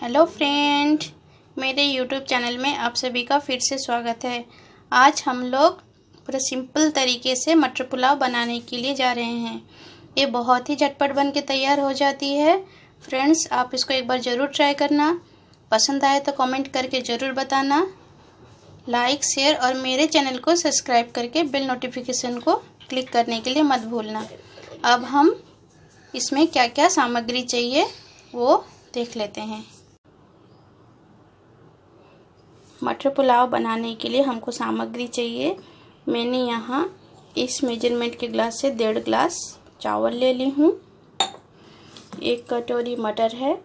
hello friend मेरे YouTube channel में आप सभी का फिर से स्वागत है आज हम लोग पूरा सिंपल तरीके से मटर पुलाव बनाने के लिए जा रहे हैं ये बहुत ही झटपट बन के तैयार हो जाती है फ्रेंड्स आप इसको एक बार ज़रूर ट्राई करना पसंद आए तो कमेंट करके ज़रूर बताना लाइक शेयर और मेरे चैनल को सब्सक्राइब करके बिल नोटिफिकेशन को क्लिक करने के लिए मत भूलना अब हम इसमें क्या क्या सामग्री चाहिए वो देख लेते हैं मटर पुलाव बनाने के लिए हमको सामग्री चाहिए मैंने यहाँ इस मेजरमेंट के ग्लास से डेढ़ ग्लास चावल ले ली हूँ एक कटोरी मटर है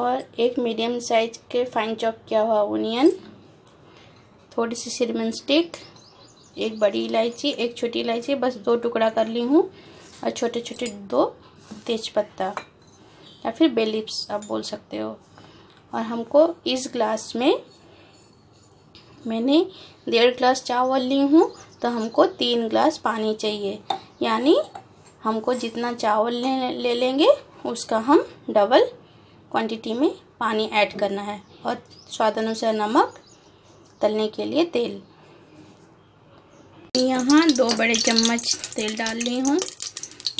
और एक मीडियम साइज के फाइन चॉप किया हुआ ओनियन थोड़ी सी सिरमन स्टिक एक बड़ी इलायची एक छोटी इलायची बस दो टुकड़ा कर ली हूँ और छोटे छोटे दो तेज पत्ता या फिर बेलिप्स आप बोल सकते हो और हमको इस ग्लास में मैंने डेढ़ ग्लास चावल ली हूँ तो हमको तीन ग्लास पानी चाहिए यानी हमको जितना चावल ले, ले लेंगे उसका हम डबल क्वांटिटी में पानी ऐड करना है और स्वाद अनुसार नमक तलने के लिए तेल यहाँ दो बड़े चम्मच तेल डाल ली हूँ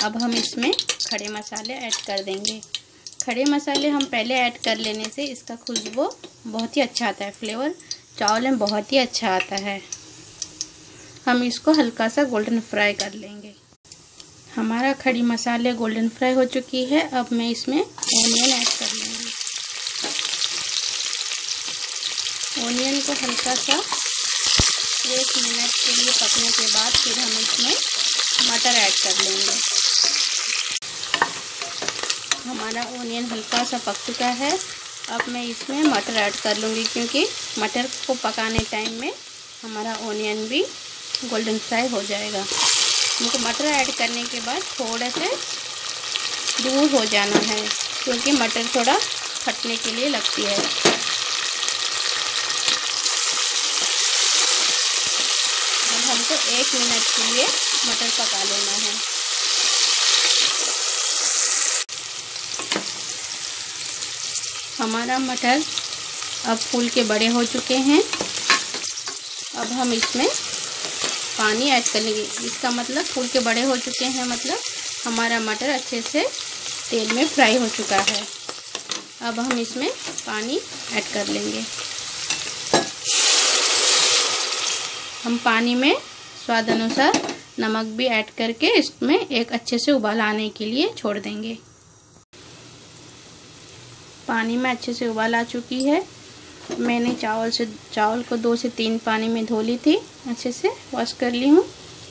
अब हम इसमें खड़े मसाले ऐड कर देंगे खड़े मसाले हम पहले ऐड कर लेने से इसका खुशबू बहुत ही अच्छा आता है फ्लेवर चावल में बहुत ही अच्छा आता है हम इसको हल्का सा गोल्डन फ्राई कर लेंगे हमारा खड़ी मसाले गोल्डन फ्राई हो चुकी है अब मैं इसमें ओनियन ऐड कर लूँगी ओनियन को हल्का सा एक मिनट के लिए पकने के बाद फिर हम इसमें मटर ऐड कर लेंगे हमारा ओनियन हल्का सा पक चुका है अब मैं इसमें मटर ऐड कर लूँगी क्योंकि मटर को पकाने टाइम में हमारा ओनियन भी गोल्डन फ्राई हो जाएगा हमको मटर ऐड करने के बाद थोड़े से दूर हो जाना है क्योंकि मटर थोड़ा फटने के लिए लगती है अब हमको एक मिनट के लिए मटर पका लेना है हमारा मटर अब फूल के बड़े हो चुके हैं अब हम इसमें पानी ऐड कर लेंगे इसका मतलब फूल के बड़े हो चुके हैं मतलब हमारा मटर अच्छे से तेल में फ्राई हो चुका है अब हम इसमें पानी ऐड कर लेंगे हम पानी में स्वाद अनुसार नमक भी ऐड करके इसमें एक अच्छे से उबाल आने के लिए छोड़ देंगे पानी में अच्छे से उबाल आ चुकी है मैंने चावल से चावल को दो से तीन पानी में धो ली थी अच्छे से वॉश कर ली हूँ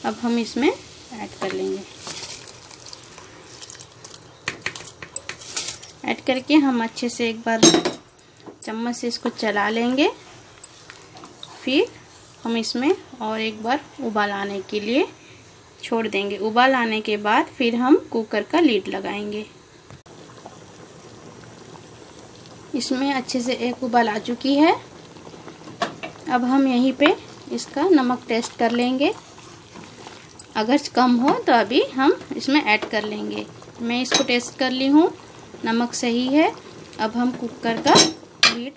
अब हम इसमें ऐड कर लेंगे ऐड करके हम अच्छे से एक बार चम्मच से इसको चला लेंगे फिर हम इसमें और एक बार उबाल आने के लिए छोड़ देंगे उबाल आने के बाद फिर हम कुकर का लीड लगाएंगे इसमें अच्छे से एक उबाल आ चुकी है अब हम यहीं पे इसका नमक टेस्ट कर लेंगे अगर कम हो तो अभी हम इसमें ऐड कर लेंगे मैं इसको टेस्ट कर ली हूँ नमक सही है अब हम कुकर का लीड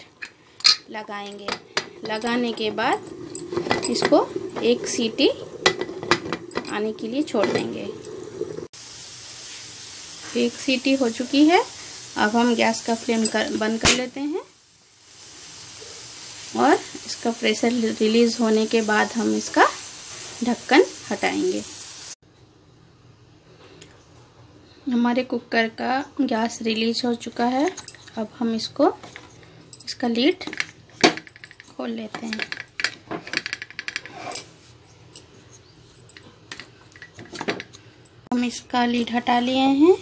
लगाएंगे लगाने के बाद इसको एक सीटी आने के लिए छोड़ देंगे एक सीटी हो चुकी है अब हम गैस का फ्लेम कर बंद कर लेते हैं और इसका प्रेशर रिलीज़ होने के बाद हम इसका ढक्कन हटाएंगे हमारे कुकर का गैस रिलीज हो चुका है अब हम इसको इसका लीड खोल लेते हैं हम इसका लीड हटा लिए हैं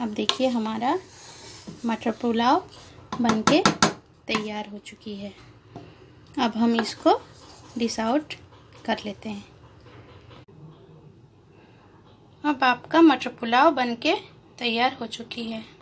अब देखिए हमारा मटर पुलाव बनके तैयार हो चुकी है अब हम इसको डिस आउट कर लेते हैं अब आपका मटर पुलाव बनके तैयार हो चुकी है